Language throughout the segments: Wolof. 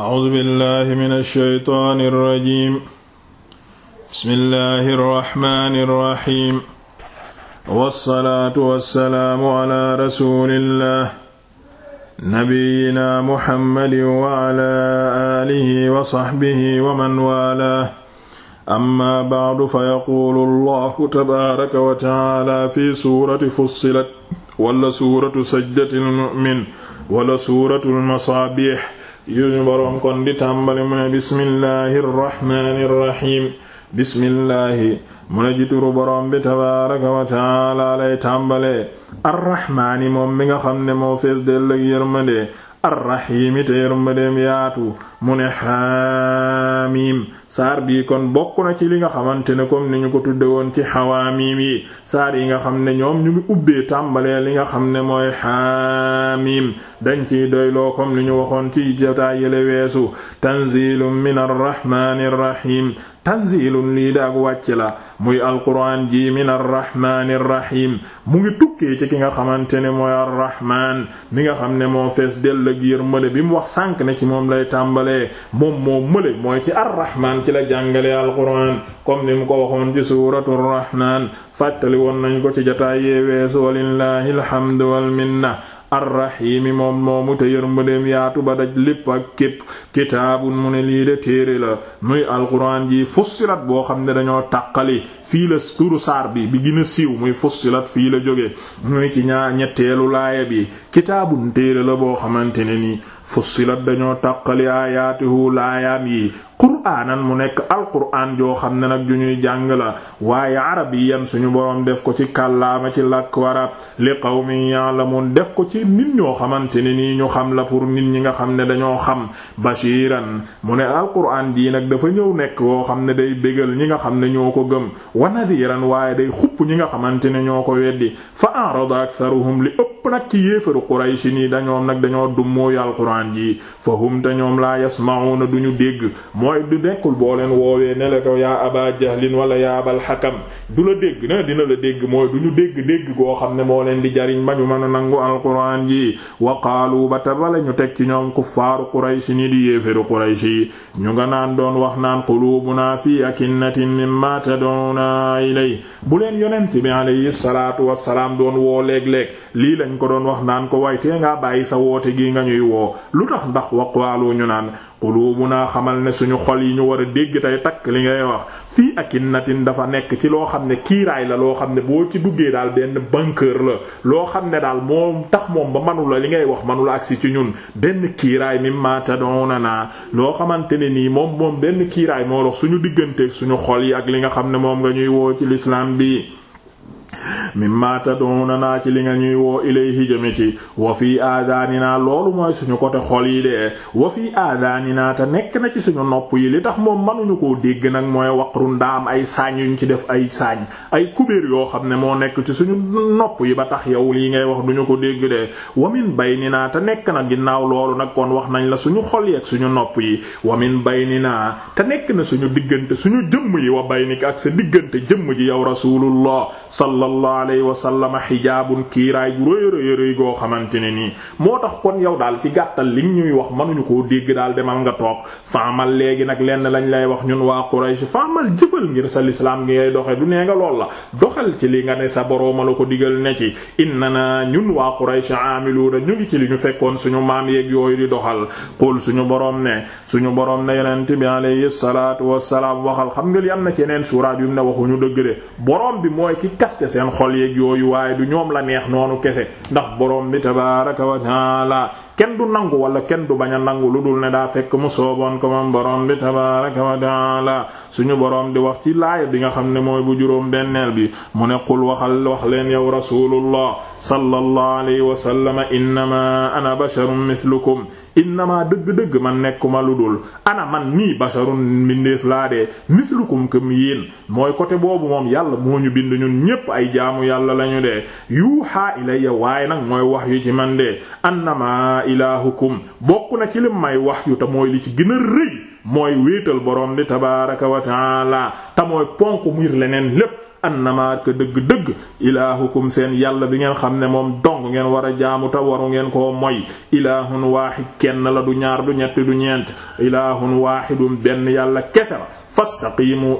أعوذ بالله من الشيطان الرجيم بسم الله الرحمن الرحيم والصلاة والسلام على رسول الله نبينا محمد وعلى آله وصحبه ومن والاه أما بعد فيقول الله تبارك وتعالى في سورة فصلت ولا سورة سجدة المؤمن ولا سورة المصابيح suñu boroom kon di tàmbali mu ne bismillahi rrahmani rrahim bismillahi mu ne ji turu boroom bi tabaaraka wa taala lay tàmbalee arrahmaani moom mi nga xam ne moo fees dell ak arrahimi te yërmandeem yaatu mu ne xaamiim saar bii kon bokk na ci li nga xamante ne comme ni ñu ko tudde woon ci xawaamiim yi saar yi nga xam ne ñoom ñu ngi ubbee tàmbalee li nga xam ne mooy xaamiim dañ ciy doyloo comme li ñu waxoon ci jotaay yële weesu tanzilum min arrahmanir rahim tanzilun lii daag wàcc la muy alquraan ji min arrahmaani irrahim mu ngi tukkee ci ki nga xamante ne mooy arrahmaan mi nga xam ne moo fees dell ak yërmande bi mu wax sànk ne ci moom lay tàmbalee moom moo mële mooy ci arrahmaan ci la jàngalee alquraan comme ni mu ko waxoon ci suuratu arrahmaan fàttali woon nañu ko ci jataay yee weesu walillahi alhamdu wal minna arrahimi moom moomu te yërmandeem yaatu ba daj lépp ak képp kitaabun mu ne lii de téere la muy alquran ji fussilat boo xam ne dañoo taqali fii la turu saar bi bi gën siiw muy fussilat fii la jóge muy ci ñaar ñetteelu laaya bi kitaabun téere la boo xamante ne nii fussilat dañoo taqali aayaatuhu laayaam yi qur'aanan mu nekk alqur'aan joo xam ne nag ju ñuy jàng la waaye arabiyan suñu boroom def ko ci kàllaama ci làkk warab li la moon def ko ci nit ñoo xamante ne nii ñu xam la pour nit ñi nga xam ne dañoo xam bashiran mu ne alqur'aan jii nag dafa ñëw nekk woo xam ne day bégal ñi nga xam ne ñoo ko gëm wa nadiran waaye day xupp ñi nga xamante ne ñoo ko weddi fa a'rada aktharuhum li ëpp nag ci yéefaru Quraysh nii dañoom nag dañoo dummooyu alqur'aan ji fa hum ñoom la yasma'una duñu dégg nekkul boo leen woowee ne la ko yaa aba jahlin wala yaa abal xakam du la dégg na dina la dégg mooy du ñu dégg dégg goo xam ne moo leen di jariñ ba ñu mën a nangu alquran yi wa qaalu ba ta bala ñu teg ci ñoom kuffaaru qurayshi ni di yéeféru qurayshi ñu nga naan doon wax naan quluubunaa fii akinnatin mimma tad'una ilay bu leen yonent bi alayhi salaatu wassalaam doon woo léeg-léeg lii lañ ko doon wax naan ko waytee ngaa bàyyi sa woote gi nga ñuy woo lu tax ndax waqaalu ñu naan qulubuna xamal ne suñu xol yi ñu war a dégg tey takk li ngay wax fii akinnatin dafa nekk ci loo xam ne kiiraay la loo xam ne boo ci duggee daal benn banqueur la loo xam ne daal moom tax moom ba manula li ngay wax manula agsi ci ñun benn kiiraay mimma tadunana loo xamante ne nii moom moom benn kiiraay moo dox suñu digganteeg suñu xol yi ak li nga xam ne moom nga ñuy woo ci lislaam bi mimma naa ci li nga ñuy woo ilayhi jëme ci wa fii aadaanina loolu mooy suñu côté xol yi de wa fii aadaanina te nekk na ci suñu nopp yi li tax moom mënuñu koo dégg nag mooy waqrun daa ay saañ yuñ ci def ay saañ ay kubéer yoo xam ne moo nekk ci suñu nopp yi ba tax yow lii ngay wax duñu ko dégg de wamin naa te nekk na ginnaaw loolu nag kon wax nañ la suñu xol yi ak suñu nopp yi wamin naa te nekk na suñu diggante suñu jëmm yi wa baynik ak sa diggante jëmm ji yow rasulullah sallallahu alayhi wa sallam xijaabun kiiraay gu ne nii moo tax kon yow daal ci gàttal li ñuy wax mënuñu koo dégg daal demal nga toog faamal léegi nag lenn lañ lay wax ñun waa Quraysh faamal jëfal ngir sa lislaam ngi ngay doxe du nee nga lool la doxal ci nga ne sa borooma la ko digal ne ci innana ñun waa Quraysh aamiluuna ñu ci li ñu fekkoon suñu maam yeeg yooyu di doxal qul suñu boroom ne boroom ne yonent bi alayhi salaatu wassalaam waxal xam nga li am na ci yeneen suuraat yu ne waxuñu dëgg de boroom bi mooy ki kaste seen xol dogal yeeg yooyu waaye du ñoom la neex noonu kese ndax borom bi tabaaraka wa taala kenn du nangu wala kenn du bañ a nangu lu dul ne daa fekk mu sooboon ko moom borom bi tabaraka wa taala suñu borom di wax ci laaya bi nga xam ne mooy bu juróom benneel bi mu ne qul waxal wax leen yow rasulullah sallallahu alayhi wa sallam innama ana basharun mithlukum innama dëgg-dëgg man nekkuma lu dul ana man nii basharun mbindeef laa dee mithlukum kum yéen mooy côté boobu moom yàlla moo ñu bind ñun ñépp ay jaamu yàlla lañu dee yuha ilayya waaye nag yu ci man dee annama ilaahukum bokk na ci lim may wahyu te mooy li ci gën a rëy mooy wéetal borom di tabaaraka wa taala te ponk ngir leneen lépp annama ka dëgg-dëgg ilaahukum seen yàlla bi ngeen xam ne moom dong ngeen war a jaamu ta waru ngeen koo moy ilaahun waahid kenn la du ñaar du ñett du ñeent ilaahun waahidum benn yàlla kese la fastaqimu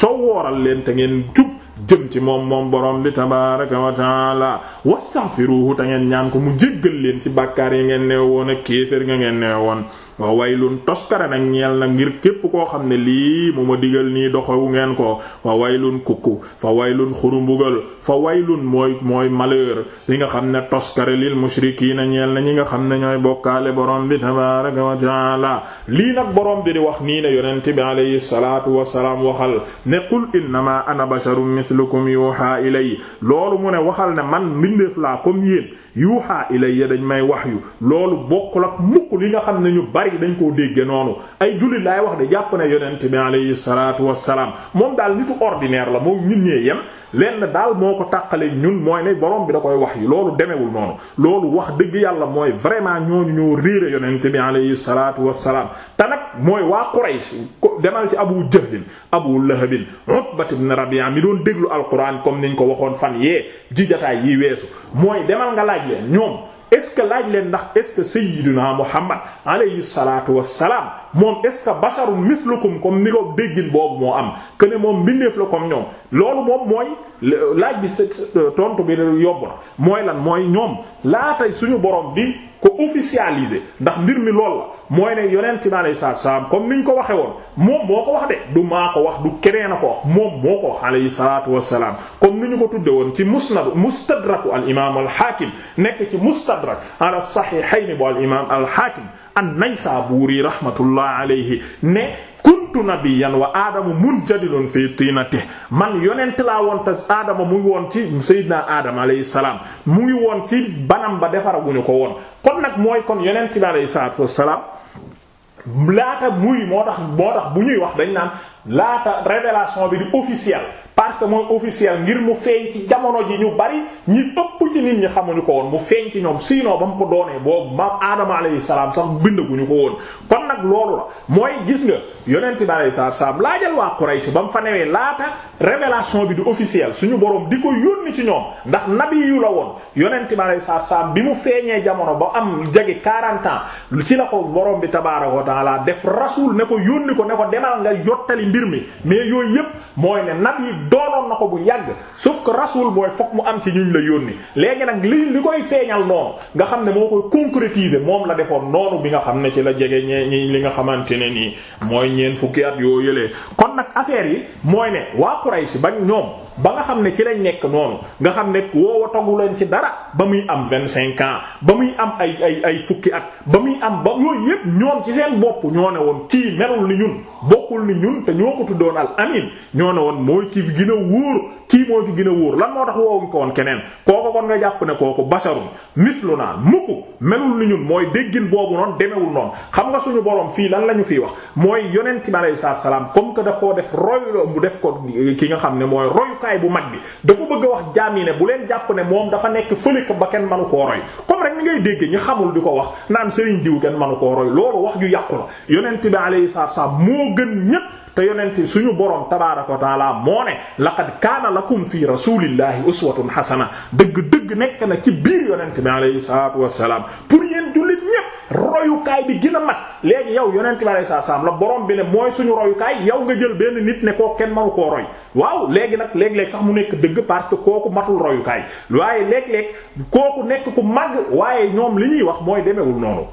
coowooral leen te ngeen jub jëm ci moom moom borom bi laa wa taala wastaghfiruhu ta ngeen ñaan ko mu jéggal leen ci bakkaar yi ngeen neewoon ak kéefër nga ngeen woon wa waylun toskare nag ñeel na ngir képp koo xam ne lii mu ma digal nii doxewu ngeen ko fa waylun kukku fa waylun xurumbugal fa waylun mooy mooy malheur li nga xam ne toskare lil mushrikiina ñeel na ñi nga xam ne ñooy bokkaale borom bi tabaaraka wa taala lii nag boroom bi di wax nii ne yonent bi alayhi salaatu wasalaam waxal ne qul ma ana basharun mithlukum yuha ilay loolu mu ne waxal ne man mbindeef laa comme yeen yuuxaa ilayya dañ may wax yu loolu bokkul ak mukk li nga xam ne ñu bari dañ koo déggee noonu ay jullit laay wax de jàpp ne yonent bi alayhi salaatu wassalaam moom daal nitu ordinaire la moom ñun ñee yem lenn daal moo ko tàqale ñun mooy ne borom bi da koy wax yu loolu demewul noonu loolu wax dëgg yàlla mooy vraiment ñooñu ñoo réere yonent bi alayhi salaatu wassalaam te nag mooy waa Quraysh demal ci Abu Jahlin Abu Lahabin Utbat ibn Rabi'a mi doon déglu alquran comme niñ ko waxoon fan yee ji yi weesu laaj leen ñoom est-ce que laaj leen ndax est-ce que sayyiduna muhammad alayhi salaatu wassalaam moom est-ce que basharun mithlukum comme ni déggin boobu moo am que ne moom mbindeef la comme ñoom loolu moom mooy laaj bi euh, tontu bi yobbu na mooy lan mooy ñoom laata suñu borom bi ko officialiser ndax mbir mi lool la mooy ne yonent bi alayhi salaatu salaam comme niñ ko waxee woon moom moo ko wax de du maa ko wax du keneen na ko wax moom moo ko wax alayhi salaatu wassalaam comme ni ñu ko tudde woon ci musnad mustadraku al imaam al haakim nekk ci mustadrak ala sahihayn bu al imaam al haakim an-Naysaburi rahmatullah alayhi ne kuntu nabiyyan wa aadamu munjadilun fii tiinatihi man yonent laa woon te aadama mu ngi woon ci sayyidina aadama alayhi salaam mu ngi woon ci banam ba defaraguñu ko woon kon nag mooy kon yonent bi alayhi salaatu wassalaam laata muy moo tax moo tax bu ñuy wax dañ naan laata révélation bi di officielle parce que mooy officielle ngir mu feeñ ci jamono ji ñu bari ñi ëpp ci nit ñi xamuñu ko woon mu feeñ ci ñoom sinon ba mu ko doonee boobu maam aadama alayhi salaam sax bindaguñu kon nag loolu la mooy gis nga yonent bi alayhi salaatu salaam laajal waa Quraysh ba mu fa newee laata révélation bi du officiel suñu borom di ko yónni ci ñoom ndax nabi yu la woon yonent bi alayhi salaatu salaam bi mu feeñee jamono ba am jege 40 ans ci la ko borom bi tabaaraka wa taala def rasul ne ko yónni ko ne ko demal nga yottali mbir mi mais yooyu yépp mooy ne nab yi dooloon na ko bu yàgg sauf que rasul mooy fokk mu am ci ñuñ la yónni léegi nag li li koy feeñal noonu nga xam ne moo koy concrétiser moom la defoon noonu bi nga xam ne ci la jege ñee ñi li nga xamante ne nii mooy ñeen fukki yoo yëlee kon nag affaire yi mooy ne waa Quraysh ba ñoom ba nga xam ne ci lañ nekk noonu nga xam ne woow togu leen ci dara ba muy am vingt cinq ans ba muy am ay ay ay fukki at ba muy am ba yooyu yépp ñoom ci seen bopp ñoo ne woon ci melul ni ñun bokkul ni ñun te ñoo ko tuddoon al amin ñoo ne woon mooy ki fi gën a wóor kii mooy ki gën a wóor lan moo tax woowuñ ko woon keneen kooku kon nga jàpp ne kooku basharun mislu naa mukk melul ni ñun mooy déggin boobu noonu demewul noonu xam nga suñu borom fii lan la ñu fiy wax mooy yonent bi alayhi salaatu salaam comme que koo def roylo bu def ki nga xam ne mooy royukaay bu mag bi dafa bëgg a wax jaam yi ne bu leen jàpp ne moom dafa nekk fële ko ba kenn manu koo roy comme rek ni ngay dégg ko wax naan sëriñ moo gën ñépp te yonente suñu borom tabaaraka wa taala moo ne laqad kaana lakum fi rasulillahi uswatun hasana dëgg-dëgg nekk na ci biir yonente bi alayhi salaatu wassalaam pour yéen jullit ñépp royukaay bi gën a mat léegi yow yonente bi alayhi salaatu wassalaam la boroom bi ne mooy suñu royukaay yow nga jël benn nit ne koo kenn manu koo roy waaw léegi nag léeg-léeg sax mu nekk dëgg parce que kooku matul royukaay waaye léeg-léeg kooku nekk ku màgg waaye ñoom li ñuy wax mooy demewul noonu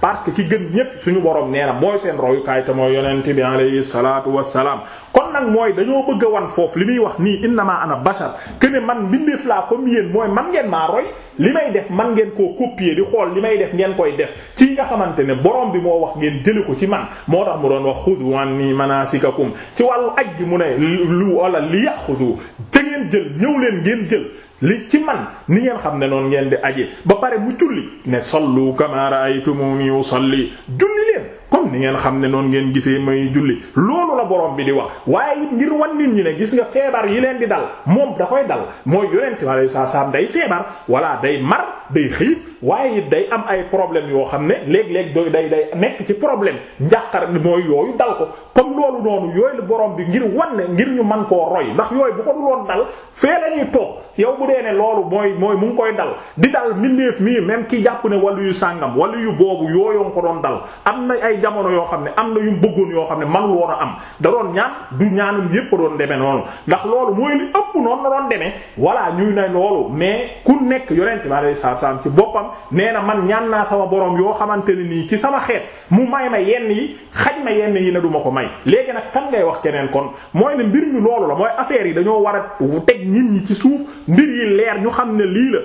parce que ki gën ñépp suñu borom nee na mooy seen royukaay te mooy yonent bi alayhi salaatu wassalaam kon nag mooy dañoo bëgg a wan foofu li muy wax nii innama ana bashar ne man mbindeef laa comme yéen mooy man ngeen maa roy li may def man ngeen koo copier di xool li may def ngeen koy def ci nga xamante ne boroom bi moo wax ngeen jëli ko ci man moo tax mu doon wax xudu anni manasikakum ci wàllu aj bi mu ne lu wala li yaxudu te ngeen jël ñëw leen ngeen jël li ci man ni ngeen xam ne noonu ngeen di aje ba pare mu julli ne sallu kama ra'aytumuni usalli julli leen comme ni ngeen xam ne noonu ngeen gisee may julli loolu borom bi di wax waaye it ngir wan nit ñi ne gis nga feebar yi leen di dal moom da koy dal mooy yonent ma lay saa saam day feebar walla day mar day xiif waaye it day am ay problème yoo xam ne léeg-léeg doy day day nekk ci problème njàqar mooy yooyu dal ko comme loolu noonu yooyu la borom bi ngir wan ne ngir ñu man koo roy ndax yooyu bu ko duloon dal fee lañuy toog yow bu dee ne loolu mooy mooy mu koy dal di dal mindeef mii même ki jàpp ne wàllu yu sàngam wàllu yu boobu yooyoon ko doon dal am na ay jamono yoo xam ne am na yu bëggoon yoo xam ne man woon a am da doon ñaan du ñaanam yépp doon demee noonu ndax loolu mooy li ëpp noonu la doon demee voilà ñuy ne loolu mais ku nekk yonent bi alayhi salaam ci boppam nee na man ñaan naa sama borom yoo xamante ne nii ci sama xeet mu may ma yenn yi xaj ma yenn yi ne duma ko may léegi nag kan ngay wax keneen kon mooy ne mbir mi loolu la mooy affaire yi dañoo war a teg nit ñi ci suuf mbir yi leer ñu xam ne lii la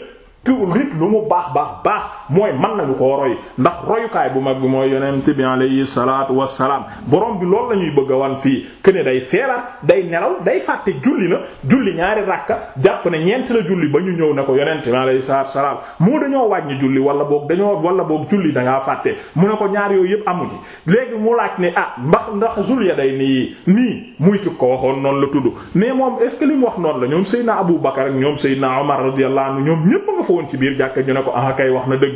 te nit lu mu baax baax baax. mooy mën nañu koo roy ndax royukaay bu mag bi mooy yonent bi alayhi salaatu wassalaam borom bi lool la ñuy bëgg a wan fii këne day feebar day nelaw day fàtte julli na julli ñaari rakka jàpp ne ñeent la julli ba ñu ñëw ne ko yonent bi alayhi salaatu wassalaam moo dañoo wàññi julli wala boog dañoo wala boog julli da ngaa fàtte mu ne ko ñaar yooyu yëpp amu ci léegi mu laaj ne ah ndax ndax zul ya day nii nii muy ki ko waxoon noonu la tudd mais moom est ce wax noonu la ñoom Seydina Abu ñu ne ah, wax na dëgg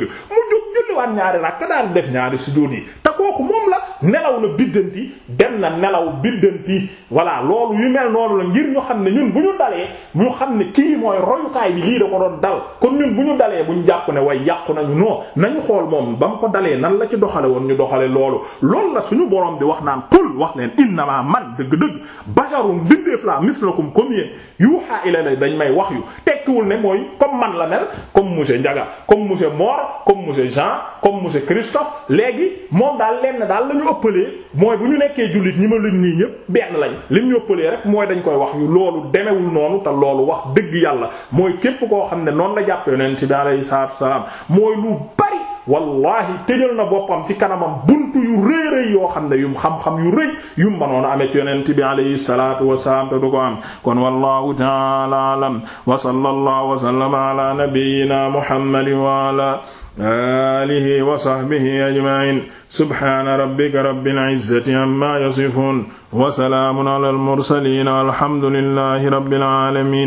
dëgg mu jóg julliwaat ñaari rakk daal def ñaari sujjóot yi te kooku moom la nelaw na biddanti dem na nelaw biddanti voilà loolu yu mel noonu la ngir ñu xam ne ñun bu ñu dalee ñu xam ne kii mooy royukaay bi lii da ko doon dal kon ñun bu ñu dalee bu ñu jàkku ne way yàqu nañu non nañu xool moom ba mu ko dalee nan la ci doxale woon ñu doxale loolu loolu la suñu borom di wax naan qul wax leen innama man dëgg-dëgg basharun bindeef la mislakum comme yéen yuha dañ may wax yu tekkiwul ne mooy comme man la mel comme monsieur Ndiaga comme monsieur Mor comme monsieur Jean comme monsieur Christophe léegi moom daal lenn daal la ñu ëppalee mooy bu ñu nekkee jullit ñi ma lim nii ñëpp benn lañ lim ñu ëppalee rek mooy dañ koy wax yu loolu demewul noonu te loolu wax dëgg yàlla mooy képp koo xam ne noonu la jàpp yonent bi alayhi salaatu wa salaam mooy lu bari wallahi tëjal na boppam ci kanamam bunt yu rëy rëy yoo xam ne yum xam-xam yu rëy yum manoon a amee ci yonent bi alayhi salaatu wasalaam te du ko am kon wallahu ta'ala alam wa sallallahu wa sallama ala nabiyyina muhammadin wa ala alihi wa sahbihi ajma'in subhana rabbika rabbil izzati amma yasifun wa salamun ala al mursalin alhamdulillahi rabbil alamin